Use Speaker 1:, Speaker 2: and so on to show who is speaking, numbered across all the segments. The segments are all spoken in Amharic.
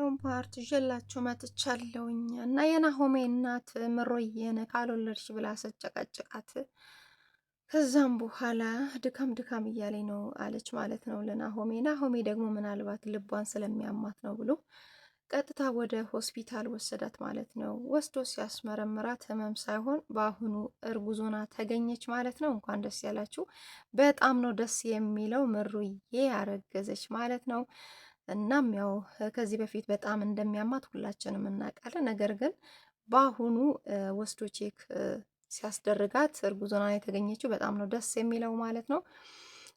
Speaker 1: ሁለተኛውን ፓርት ይዤላችሁ መጥቻለሁኝ እና የናሆሜ እናት ምሮዬን ካልወለድሽ ብላ ስጨቀጭቃት ከዛም በኋላ ድካም ድካም እያለኝ ነው አለች ማለት ነው ለናሆሜ። ናሆሜ ደግሞ ምናልባት ልቧን ስለሚያማት ነው ብሎ ቀጥታ ወደ ሆስፒታል ወሰዳት ማለት ነው። ወስዶ ሲያስመረምራት ህመም ሳይሆን በአሁኑ እርጉዞና ተገኘች ማለት ነው። እንኳን ደስ ያላችሁ። በጣም ነው ደስ የሚለው ምሩዬ ያረገዘች ማለት ነው። እናም ያው ከዚህ በፊት በጣም እንደሚያማት ሁላችንም እናውቃለን። ነገር ግን በአሁኑ ወስዶ ቼክ ሲያስደርጋት እርጉዞና የተገኘችው በጣም ነው ደስ የሚለው ማለት ነው።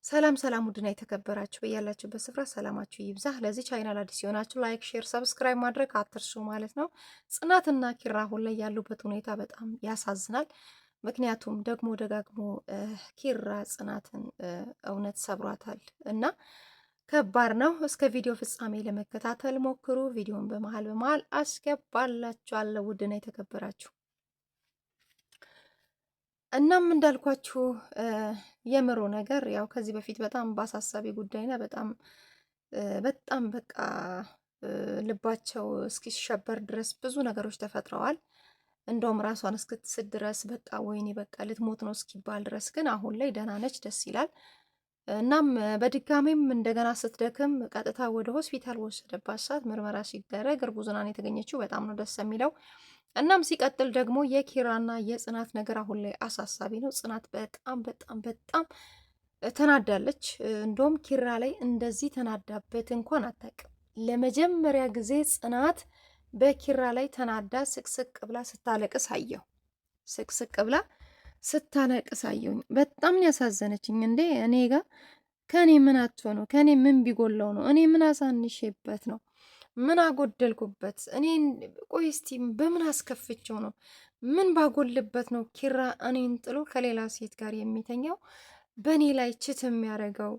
Speaker 1: ሰላም ሰላም፣ ውድና የተከበራችሁ በያላችሁበት ስፍራ ሰላማችሁ ይብዛ። ለዚህ ቻይናል አዲስ ሲሆናችሁ ላይክ፣ ሼር፣ ሰብስክራይብ ማድረግ አትርሱ ማለት ነው። ጽናትና ኪራ አሁን ላይ ያሉበት ሁኔታ በጣም ያሳዝናል። ምክንያቱም ደግሞ ደጋግሞ ኪራ ጽናትን እውነት ሰብሯታል እና ከባድ ነው። እስከ ቪዲዮ ፍጻሜ ለመከታተል ሞክሩ። ቪዲዮን በመሃል በመሀል አስገባላችኋለሁ። ውድና የተከበራችሁ እናም እንዳልኳችሁ የምሮ ነገር ያው ከዚህ በፊት በጣም በአሳሳቢ ጉዳይና በጣም በጣም በቃ ልባቸው እስኪሸበር ድረስ ብዙ ነገሮች ተፈጥረዋል። እንደውም ራሷን እስክትስት ድረስ በቃ ወይኔ በቃ ልትሞት ነው እስኪባል ድረስ ግን አሁን ላይ ደህና ነች። ደስ ይላል። እናም በድጋሚም እንደገና ስትደክም ቀጥታ ወደ ሆስፒታል ወሰደባት ሰዓት ምርመራ ሲደረግ እርጉዝናን የተገኘችው በጣም ነው ደስ የሚለው። እናም ሲቀጥል ደግሞ የኪራና የጽናት ነገር አሁን ላይ አሳሳቢ ነው። ጽናት በጣም በጣም በጣም ተናዳለች። እንደውም ኪራ ላይ እንደዚህ ተናዳበት እንኳን አታውቅም። ለመጀመሪያ ጊዜ ጽናት በኪራ ላይ ተናዳ ስቅስቅ ብላ ስታለቅስ አየሁ። ስቅስቅ ብላ ስታለቅስ አየሁኝ። በጣም ያሳዘነችኝ። እንዴ እኔ ጋር ከእኔ ምን አቶ ነው? ከእኔ ምን ቢጎለው ነው? እኔ ምን አሳንሼበት ነው? ምን አጎደልኩበት? እኔ ቆይ እስቲ በምን አስከፍቼው ነው? ምን ባጎልበት ነው ኪራ እኔን ጥሎ ከሌላ ሴት ጋር የሚተኛው በእኔ ላይ ችት የሚያደርገው?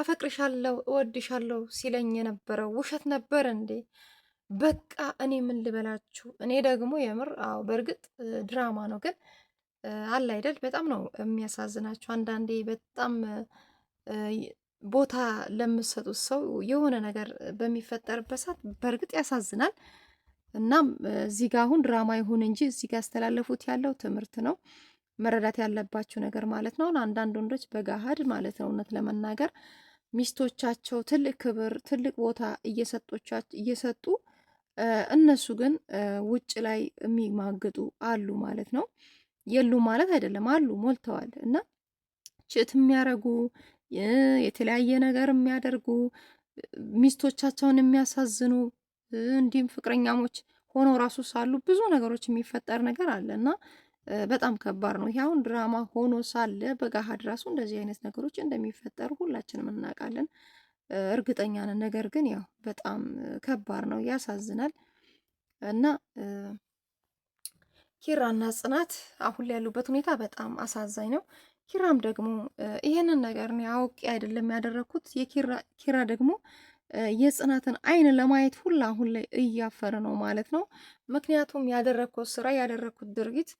Speaker 1: አፈቅርሻለሁ፣ እወድሻለሁ ሲለኝ የነበረው ውሸት ነበር እንዴ? በቃ እኔ ምን ልበላችሁ። እኔ ደግሞ የምር አዎ፣ በእርግጥ ድራማ ነው ግን አለ አይደል? በጣም ነው የሚያሳዝናቸው አንዳንዴ በጣም ቦታ ለምሰጡት ሰው የሆነ ነገር በሚፈጠርበት ሰዓት በእርግጥ ያሳዝናል። እናም እዚህ ጋር አሁን ድራማ ይሁን እንጂ እዚህ ጋር ያስተላለፉት ያለው ትምህርት ነው፣ መረዳት ያለባቸው ነገር ማለት ነው። አንዳንድ ወንዶች በጋሃድ ማለት ነው እውነት ለመናገር ሚስቶቻቸው ትልቅ ክብር፣ ትልቅ ቦታ እየሰጡ እነሱ ግን ውጭ ላይ የሚማግጡ አሉ ማለት ነው። የሉ ማለት አይደለም፣ አሉ ሞልተዋል። እና ችት የሚያረጉ የተለያየ ነገር የሚያደርጉ ሚስቶቻቸውን የሚያሳዝኑ እንዲሁም ፍቅረኛሞች ሆኖ ራሱ ሳሉ ብዙ ነገሮች የሚፈጠር ነገር አለ እና በጣም ከባድ ነው። አሁን ድራማ ሆኖ ሳለ በጋሃድ ራሱ እንደዚህ አይነት ነገሮች እንደሚፈጠሩ ሁላችንም እናውቃለን፣ እርግጠኛ ነን። ነገር ግን ያው በጣም ከባድ ነው፣ ያሳዝናል እና ኪራና ጽናት አሁን ላይ ያሉበት ሁኔታ በጣም አሳዛኝ ነው። ኪራም ደግሞ ይሄንን ነገር እኔ አውቄ አይደለም ያደረግኩት፣ ኪራ ደግሞ የጽናትን አይን ለማየት ሁላ አሁን ላይ እያፈረ ነው ማለት ነው። ምክንያቱም ያደረግኩት ስራ ያደረግኩት ድርጊት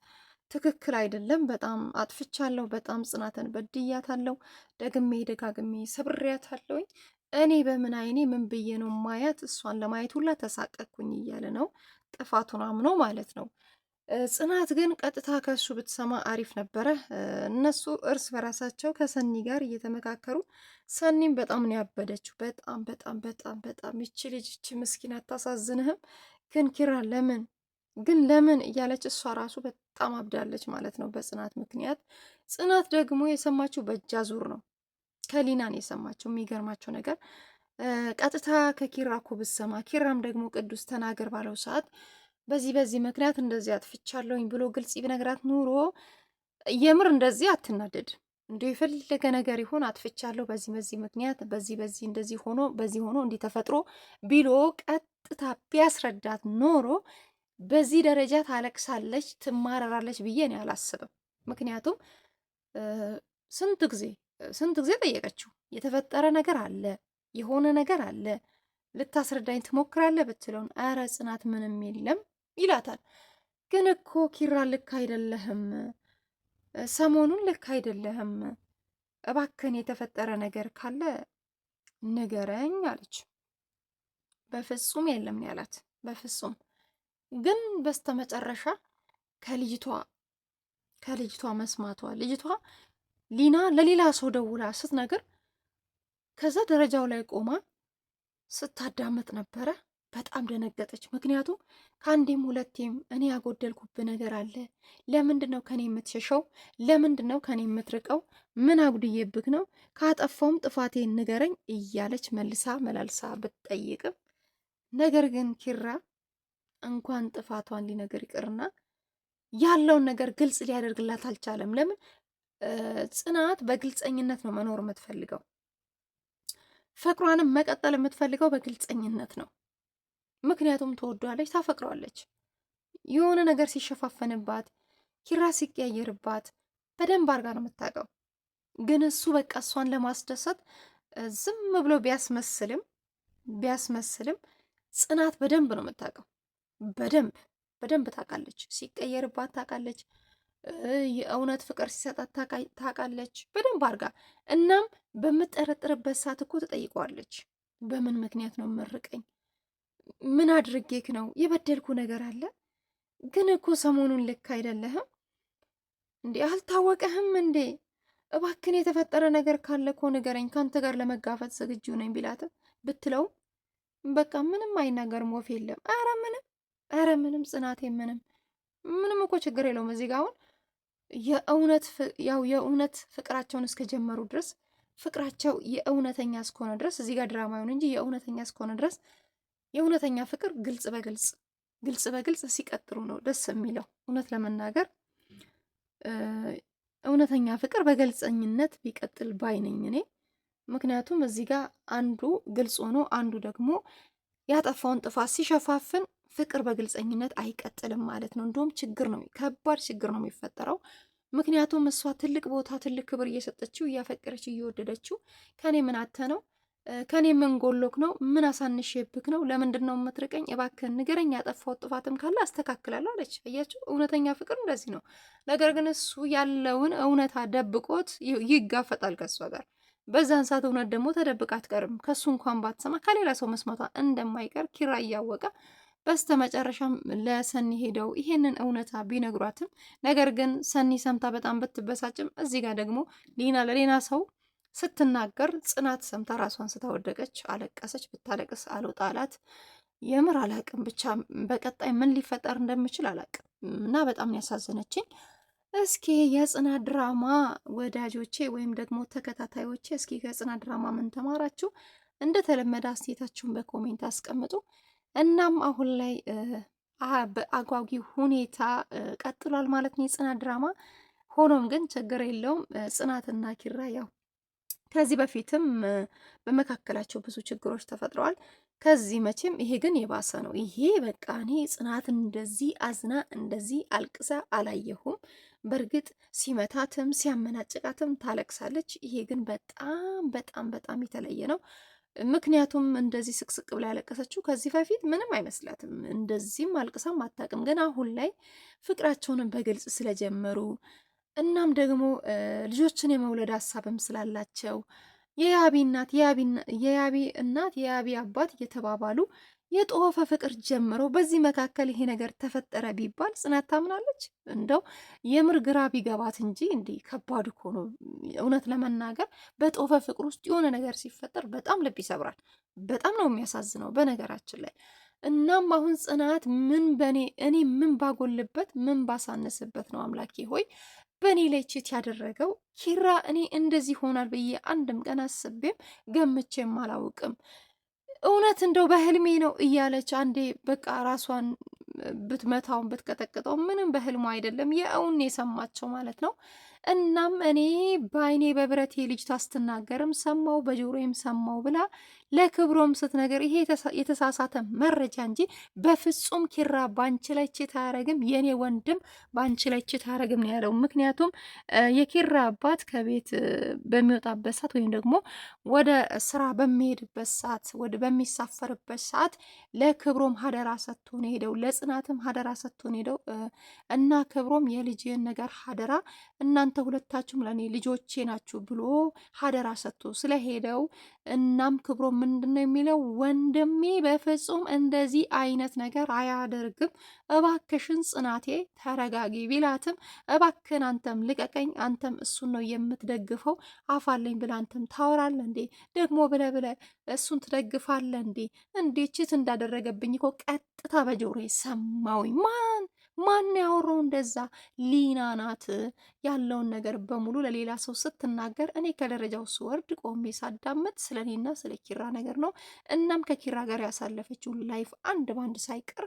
Speaker 1: ትክክል አይደለም። በጣም አጥፍቻለሁ። በጣም ጽናትን በድያታለሁ። ደግሜ ደጋግሜ ሰብሬያታለሁኝ። እኔ በምን አይኔ ምን ብዬ ነው ማያት? እሷን ለማየት ሁላ ተሳቀኩኝ እያለ ነው ጥፋቱን አምኖ ማለት ነው። ጽናት ግን ቀጥታ ከሱ ብትሰማ አሪፍ ነበረ። እነሱ እርስ በራሳቸው ከሰኒ ጋር እየተመካከሩ ሰኒም በጣም ነው ያበደችው። በጣም በጣም በጣም በጣም ይቺ ልጅ ይቺ ምስኪን አታሳዝንህም? ግን ኪራ ለምን ግን ለምን እያለች እሷ ራሱ በጣም አብዳለች ማለት ነው በጽናት ምክንያት። ጽናት ደግሞ የሰማችው በእጃ ዙር ነው ከሊናን የሰማችው። የሚገርማቸው ነገር ቀጥታ ከኪራ እኮ ብትሰማ ኪራም ደግሞ ቅዱስ ተናገር ባለው ሰዓት በዚህ በዚህ ምክንያት እንደዚህ አጥፍቻለሁኝ ብሎ ግልጽ ቢነግራት ኑሮ የምር እንደዚህ አትናደድ። እንዲሁ የፈለገ ነገር ይሆን አጥፍቻለሁ፣ በዚህ በዚህ ምክንያት በዚህ በዚህ እንደዚህ ሆኖ በዚህ ሆኖ እንዲህ ተፈጥሮ ቢሎ ቀጥታ ቢያስረዳት ኖሮ በዚህ ደረጃ ታለቅሳለች፣ ትማረራለች ብዬ እኔ አላስብም። ምክንያቱም ስንት ጊዜ ስንት ጊዜ ጠየቀችው። የተፈጠረ ነገር አለ፣ የሆነ ነገር አለ፣ ልታስረዳኝ ትሞክራለህ ብትለውን፣ ኧረ ጽናት ምንም የለም ይላታል። ግን እኮ ኪራ ልክ አይደለህም፣ ሰሞኑን ልክ አይደለህም፣ እባክን የተፈጠረ ነገር ካለ ንገረኝ አለች። በፍጹም የለም ያላት በፍጹም ግን በስተመጨረሻ ከልጅቷ ከልጅቷ መስማቷ ልጅቷ ሊና ለሌላ ሰው ደውላ ስትነግር ከዛ ደረጃው ላይ ቆማ ስታዳምጥ ነበረ። በጣም ደነገጠች። ምክንያቱም ከአንዴም ሁለቴም እኔ ያጎደልኩብ ነገር አለ። ለምንድን ነው ከኔ የምትሸሸው? ለምንድን ነው ከኔ የምትርቀው? ምን አጉድዬብክ ነው? ካጠፋውም ጥፋቴ ንገረኝ እያለች መልሳ መላልሳ ብትጠይቅም ነገር ግን ኪራ እንኳን ጥፋቷን ሊነገር ይቅርና ያለውን ነገር ግልጽ ሊያደርግላት አልቻለም። ለምን ጽናት በግልጸኝነት ነው መኖር የምትፈልገው ፍቅሯንም መቀጠል የምትፈልገው በግልጸኝነት ነው። ምክንያቱም ትወዷለች፣ ታፈቅረዋለች። የሆነ ነገር ሲሸፋፈንባት፣ ኪራ ሲቀያየርባት በደንብ አድርጋ ነው የምታውቀው። ግን እሱ በቃ እሷን ለማስደሰት ዝም ብሎ ቢያስመስልም ቢያስመስልም ጽናት በደንብ ነው የምታውቀው። በደንብ በደንብ ታውቃለች። ሲቀየርባት ታውቃለች። የእውነት ፍቅር ሲሰጣት ታውቃለች በደንብ አድርጋ። እናም በምጠረጥርበት ሰዓት እኮ ትጠይቀዋለች፣ በምን ምክንያት ነው መርቀኝ ምን አድርጌክ ነው? የበደልኩ ነገር አለ? ግን እኮ ሰሞኑን ልክ አይደለህም እንዴ? አልታወቀህም እንዴ? እባክን የተፈጠረ ነገር ካለ እኮ ንገረኝ፣ ከአንተ ጋር ለመጋፈጥ ዝግጁ ነኝ ቢላትም ብትለውም በቃ ምንም አይናገርም፣ ወፍ የለም። አረ ምንም፣ አረ ምንም፣ ጽናቴ ምንም ምንም እኮ ችግር የለውም። እዚህ ጋ አሁን የእውነት ያው የእውነት ፍቅራቸውን እስከጀመሩ ድረስ ፍቅራቸው የእውነተኛ እስከሆነ ድረስ እዚህ ጋር ድራማውን እንጂ የእውነተኛ እስከሆነ ድረስ የእውነተኛ ፍቅር ግልጽ በግልጽ ግልጽ በግልጽ ሲቀጥሉ ነው ደስ የሚለው። እውነት ለመናገር እውነተኛ ፍቅር በግልጸኝነት ቢቀጥል ባይነኝ እኔ። ምክንያቱም እዚህ ጋር አንዱ ግልጽ ሆኖ አንዱ ደግሞ ያጠፋውን ጥፋት ሲሸፋፍን ፍቅር በግልጸኝነት አይቀጥልም ማለት ነው። እንደውም ችግር ነው፣ ከባድ ችግር ነው የሚፈጠረው። ምክንያቱም እሷ ትልቅ ቦታ ትልቅ ክብር እየሰጠችው እያፈቀረችው እየወደደችው ከኔ ምን አተ ነው ከኔ ምን ጎሎክ ነው? ምን አሳንሼብክ ነው? ለምንድን ነው የምትርቀኝ? እባክህን ንገረኝ። ያጠፋው ጥፋትም ካለ አስተካክላለሁ አለች። እያቸው እውነተኛ ፍቅር እንደዚህ ነው። ነገር ግን እሱ ያለውን እውነታ ደብቆት ይጋፈጣል ከእሷ ጋር። በዛን ሰዓት እውነት ደግሞ ተደብቃ አትቀርም። ከእሱ እንኳን ባትሰማ ከሌላ ሰው መስማቷ እንደማይቀር ኪራ እያወቀ በስተ መጨረሻም ለሰኒ ሄደው ይሄንን እውነታ ቢነግሯትም ነገር ግን ሰኒ ሰምታ በጣም ብትበሳጭም እዚህ ጋር ደግሞ ሊና ለሌና ሰው ስትናገር ጽናት ሰምታ ራሷን ስታወደቀች አለቀሰች። ብታለቅስ አልወጣ አላት። የምር አላቅም ብቻ በቀጣይ ምን ሊፈጠር እንደምችል አላቅም እና በጣም ያሳዘነችኝ። እስኪ የጽናት ድራማ ወዳጆቼ ወይም ደግሞ ተከታታዮቼ እስኪ ከጽናት ድራማ ምን ተማራችሁ? እንደተለመደ አስተያየታችሁን በኮሜንት አስቀምጡ። እናም አሁን ላይ በአጓጊ ሁኔታ ቀጥሏል ማለት ነው የጽናት ድራማ። ሆኖም ግን ችግር የለውም ጽናትና ኪራ ያው ከዚህ በፊትም በመካከላቸው ብዙ ችግሮች ተፈጥረዋል። ከዚህ መቼም ይሄ ግን የባሰ ነው። ይሄ በቃ እኔ ጽናት እንደዚህ አዝና እንደዚህ አልቅሳ አላየሁም። በእርግጥ ሲመታትም ሲያመናጭቃትም ታለቅሳለች። ይሄ ግን በጣም በጣም በጣም የተለየ ነው። ምክንያቱም እንደዚህ ስቅስቅ ብላ ያለቀሰችው ከዚህ በፊት ምንም አይመስላትም፣ እንደዚህም አልቅሳም አታውቅም። ግን አሁን ላይ ፍቅራቸውንም በግልጽ ስለጀመሩ እናም ደግሞ ልጆችን የመውለድ ሀሳብም ስላላቸው የያቢ እናት የያቢ እናት የያቢ አባት እየተባባሉ የጦፈ ፍቅር ጀምሮ በዚህ መካከል ይሄ ነገር ተፈጠረ ቢባል ጽናት ታምናለች? እንደው የምር ግራ ቢገባት እንጂ እንዲህ ከባድ እኮ ነው። እውነት ለመናገር በጦፈ ፍቅር ውስጥ የሆነ ነገር ሲፈጠር በጣም ልብ ይሰብራል። በጣም ነው የሚያሳዝነው በነገራችን ላይ። እናም አሁን ጽናት ምን በእኔ እኔ ምን ባጎልበት ምን ባሳንስበት ነው አምላኬ ሆይ በእኔ ላይ ቺት ያደረገው ኪራ እኔ እንደዚህ ሆናል ብዬ አንድም ቀን አስቤም ገምቼም አላውቅም። እውነት እንደው በህልሜ ነው እያለች አንዴ በቃ ራሷን ብትመታውን ብትቀጠቅጠው ምንም በህልሙ አይደለም የእውን የሰማቸው ማለት ነው። እናም እኔ በአይኔ በብረት ልጅቷ ስትናገርም ሰማው በጆሮዬም ሰማው ብላ ለክብሮም ስትነገር ይሄ የተሳሳተ መረጃ እንጂ በፍጹም ኪራ ባንቺ ላይ ችት አያረግም፣ የእኔ ወንድም ባንቺ ላይ ችት አያረግም ነው ያለው። ምክንያቱም የኪራ አባት ከቤት በሚወጣበት ሰዓት ወይም ደግሞ ወደ ስራ በሚሄድበት ሰዓት ወደ በሚሳፈርበት ሰዓት ለክብሮም ሀደራ ሰጥቶ ነው ለጽ ጽናትም ሀደራ ሰጥቶን ሄደው እና ክብሮም የልጅን ነገር ሀደራ እናንተ ሁለታችሁም ለእኔ ልጆቼ ናችሁ ብሎ ሀደራ ሰጥቶ ስለሄደው እናም ክብሮም ምንድን ነው የሚለው ወንድሜ በፍጹም እንደዚህ አይነት ነገር አያደርግም፣ እባክሽን ጽናቴ ተረጋጊ ቢላትም እባክን አንተም ልቀቀኝ፣ አንተም እሱን ነው የምትደግፈው አፋለኝ ብለ አንተም ታወራለ እንዴ ደግሞ ብለ ብለ እሱን ትደግፋለ እንዴ እንዴችት እንዳደረገብኝ እኮ ቀጥታ በጆሮ ይሰማል። Maui Man ማን ያወራው እንደዛ? ሊና ናት ያለውን ነገር በሙሉ ለሌላ ሰው ስትናገር፣ እኔ ከደረጃው ስወርድ ቆሜ ሳዳመጥ ስለ እኔና ስለ ኪራ ነገር ነው። እናም ከኪራ ጋር ያሳለፈችውን ላይፍ አንድ ባንድ ሳይቀር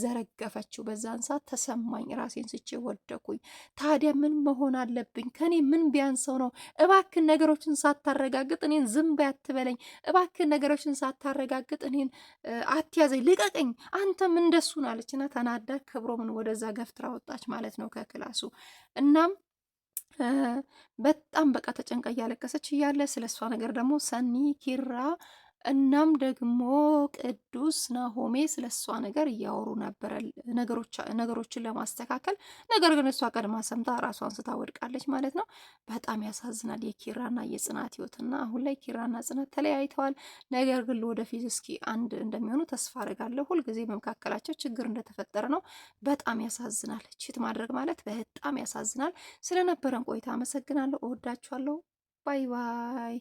Speaker 1: ዘረገፈችው። በዛን ሰዓት ተሰማኝ፣ ራሴን ስቼ ወደኩኝ። ታዲያ ምን መሆን አለብኝ? ከኔ ምን ቢያንሰው ነው? እባክን ነገሮችን ሳታረጋግጥ እኔን ዝም በይ አትበለኝ። እባክን ነገሮችን ሳታረጋግጥ እኔን አትያዘኝ፣ ልቀቀኝ፣ አንተም እንደሱን አለችና ተናዳ ክብሮምን ወደ ወደዛ ገፍትራ ወጣች ማለት ነው ከክላሱ እናም በጣም በቃ ተጨንቃ እያለቀሰች እያለ ስለ እሷ ነገር ደግሞ ሰኒ ኪራ እናም ደግሞ ቅዱስ ናሆሜ ስለሷ ነገር እያወሩ ነበረ፣ ነገሮችን ለማስተካከል። ነገር ግን እሷ ቀድማ ሰምታ ራሷን ስታወድቃለች ማለት ነው። በጣም ያሳዝናል የኪራና የጽናት ህይወትና አሁን ላይ ኪራና ጽናት ተለያይተዋል። ነገር ግን ለወደፊት እስኪ አንድ እንደሚሆኑ ተስፋ አድርጋለሁ። ሁልጊዜ በመካከላቸው ችግር እንደተፈጠረ ነው። በጣም ያሳዝናል። ቺት ማድረግ ማለት በጣም ያሳዝናል። ስለነበረን ቆይታ አመሰግናለሁ። እወዳችኋለሁ። ባይ ባይ